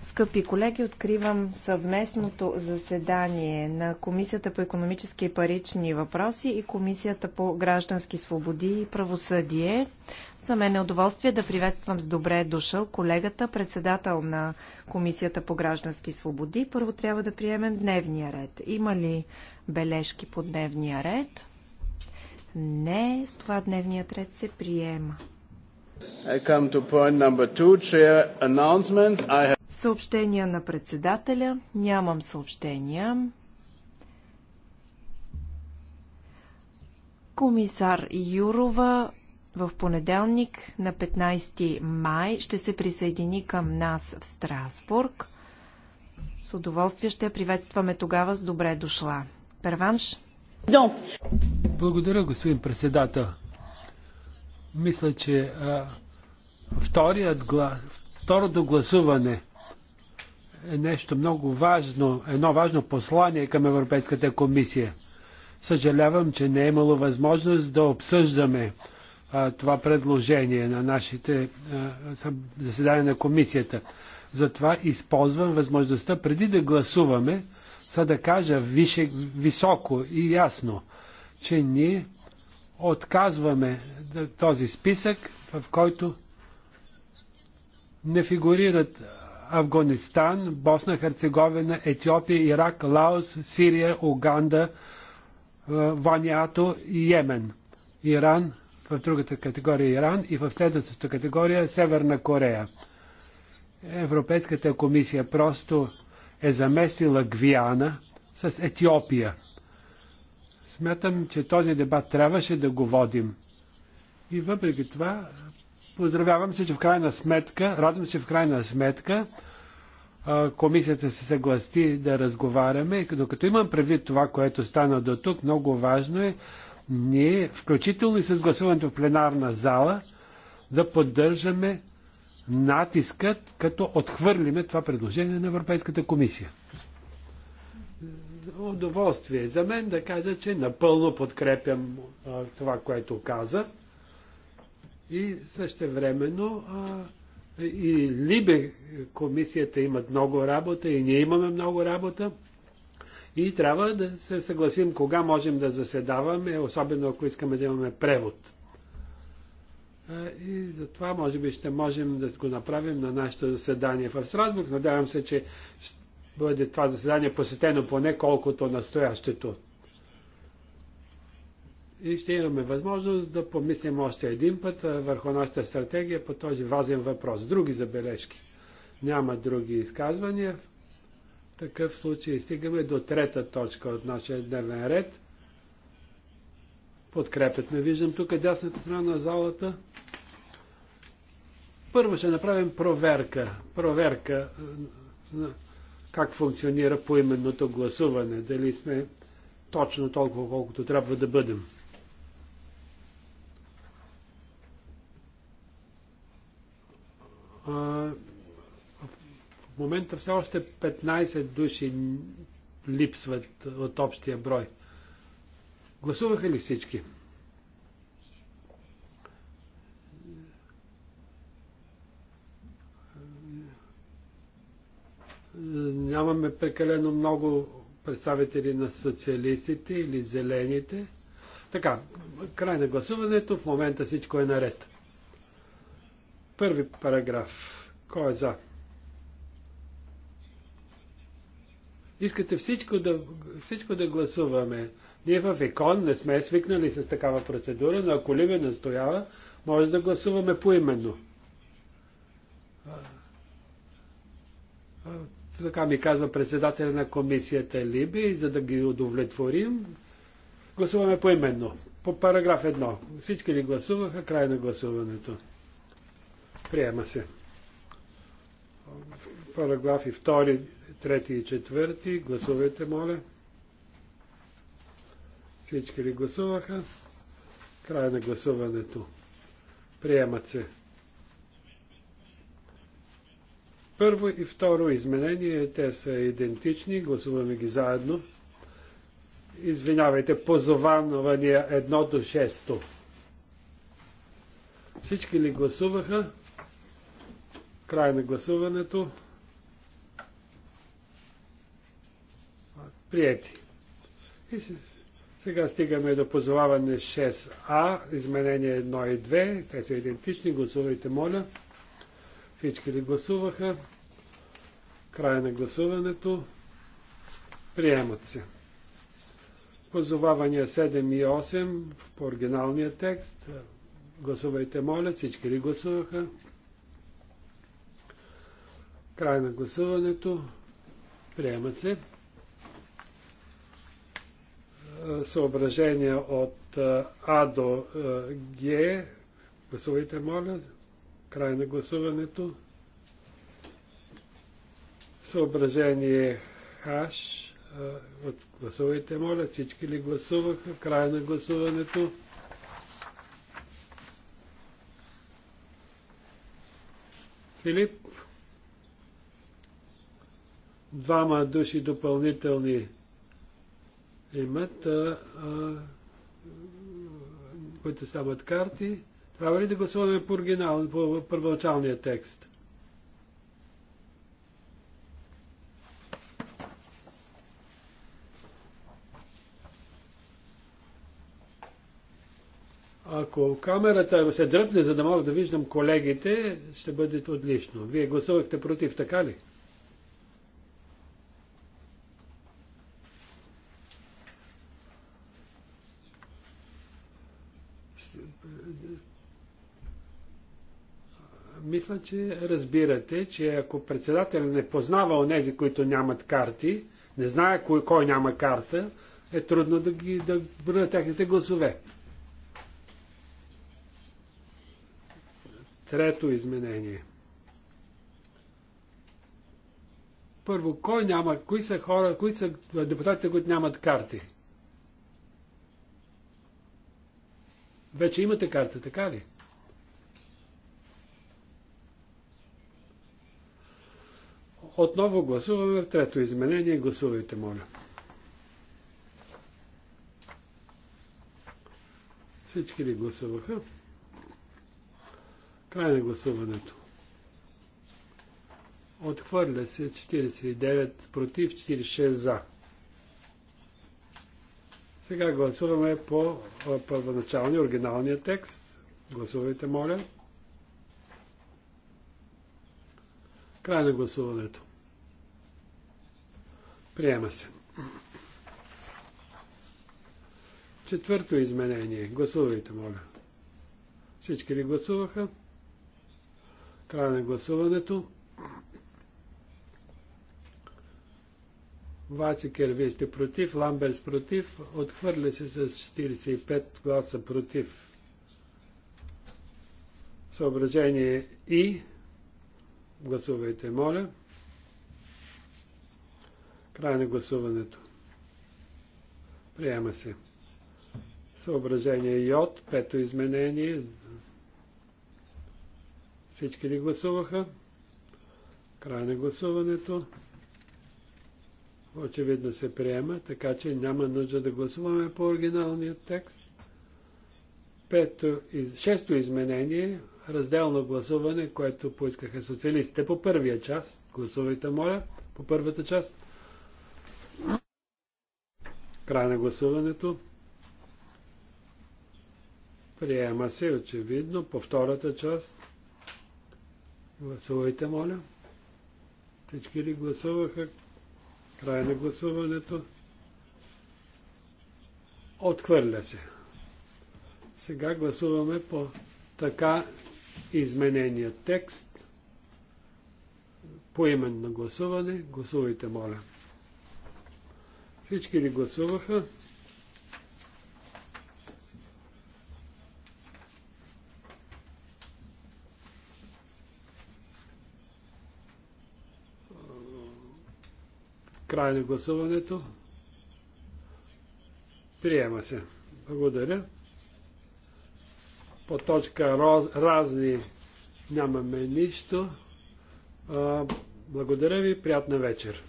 Скъпи колеги, откривам съвместното заседание на Комисията по економически и парични въпроси и Комисията по граждански свободи и правосъдие. За мен е удоволствие да приветствам с добре е дошъл колегата, председател на Комисията по граждански свободи. Първо трябва да приемем дневния ред. Има ли бележки по дневния ред? Не, с това дневният ред се приема. Съобщения на председателя. Нямам съобщения. Комисар Юрова в понеделник на 15 май ще се присъедини към нас в Страсбург. С удоволствие ще я приветстваме тогава с добре дошла. Перванш? No. Благодаря, господин председател. Мисля, че а, вторият второто гласуване е нещо много важно, едно важно послание към Европейската комисия. Съжалявам, че не е имало възможност да обсъждаме а, това предложение на нашите а, заседания на комисията. Затова използвам възможността преди да гласуваме, за да кажа више, високо и ясно, че ние отказваме този списък, в който не фигурират Афганистан, Босна, Херцеговина, Етиопия, Ирак, Лаос, Сирия, Уганда, Ваниато и Йемен. Иран, в другата категория е Иран и в следващата категория е Северна Корея. Европейската комисия просто е заместила Гвиана с Етиопия – Смятам, че този дебат трябваше да го водим. И въпреки това, поздравявам се, че в крайна сметка, радвам се, че в крайна сметка комисията се съгласи да разговаряме. Докато имам предвид това, което стана до тук, много важно е ние, включително и с гласуването в пленарна зала, да поддържаме натискът, като отхвърлиме това предложение на Европейската комисия удоволствие за мен да кажа, че напълно подкрепям а, това, което каза. И също времено и Либе комисията имат много работа и ние имаме много работа. И трябва да се съгласим кога можем да заседаваме, особено ако искаме да имаме превод. И затова може би ще можем да го направим на нашето заседание в Страсбург. Надявам се, че бъде това заседание посетено поне колкото настоящето. И ще имаме възможност да помислим още един път върху нашата стратегия по този важен въпрос. Други забележки. Няма други изказвания. В такъв случай стигаме до трета точка от нашия дневен ред. Подкрепят ме. Виждам тук дясната страна на залата. Първо ще направим проверка. Проверка как функционира поименното гласуване, дали сме точно толкова, колкото трябва да бъдем. А, в момента все още 15 души липсват от общия брой. Гласуваха ли всички? нямаме прекалено много представители на социалистите или зелените. Така, край на гласуването. В момента всичко е наред. Първи параграф. Кой е за? Искате всичко да, всичко да гласуваме. Ние в икон не сме свикнали с такава процедура, но ако Ливе настоява, може да гласуваме поименно. така ми казва председателя на комисията Либи, за да ги удовлетворим. Гласуваме поименно. По параграф 1. Всички ли гласуваха? Край на гласуването. Приема се. Параграфи 2, 3 и 4. Гласувайте, моля. Всички ли гласуваха? Край на гласуването. Приемат се. Първо и второ изменение, те са идентични, гласуваме ги заедно. Извинявайте, позовавания едно до 6. Всички ли гласуваха? Край на гласуването. Приети. И сега стигаме до позоваване 6А, изменение 1 и 2. Те са идентични. Гласувайте, моля. Всички ли гласуваха? Край на гласуването. Приемат се. Позовавания 7 и 8 по оригиналния текст. Гласувайте, моля. Всички ли гласуваха? Край на гласуването. Приемат се. Съображения от А до Г. Гласувайте, моля. Край на гласуването. Съображение Хаш. Гласувайте, моля. Всички ли гласуваха? Край на гласуването. Филип. Двама души допълнителни имат, а, а, които стават карти. Трябва ли да гласуваме по, оригинал, по първоначалния текст? Ако камерата се дръпне, за да мога да виждам колегите, ще бъде отлично. Вие гласувахте против, така ли? мисля, че разбирате, че ако председател не познава онези, които нямат карти, не знае кой, кой няма карта, е трудно да ги да броя техните гласове. Трето изменение. Първо, кой няма, кои са хора, кои са депутатите, които нямат карти? Вече имате карта, така ли? Отново гласуваме трето изменение. Гласувайте, моля. Всички ли гласуваха? Край на гласуването. Отхвърля се 49 против, 46 за. Сега гласуваме по първоначалния, оригиналния текст. Гласувайте, моля. Край на гласуването. Приема се. Четвърто изменение. Гласувайте, моля. Всички ли гласуваха? Край на гласуването. Вацикер, вие сте против, Ламберс против, отхвърля се с 45 гласа против. Съображение и. Гласувайте, моля. Край на гласуването. Приема се. Съображение Йод, пето изменение. Всички ли гласуваха? Край на гласуването. Очевидно се приема, така че няма нужда да гласуваме по оригиналния текст. Пето, из... шесто изменение, разделно гласуване, което поискаха социалистите по първия част. Гласувайте, моля, по първата част. Край на гласуването. Приема се очевидно по втората част. Гласувайте, моля. Всички ли гласуваха? Край на гласуването. Отхвърля се. Сега гласуваме по така изменения текст. Поименно гласуване. Гласувайте, моля. Всички ли гласуваха? Край на гласуването. Приема се. Благодаря. По точка разни нямаме нищо. Благодаря ви. Приятна вечер.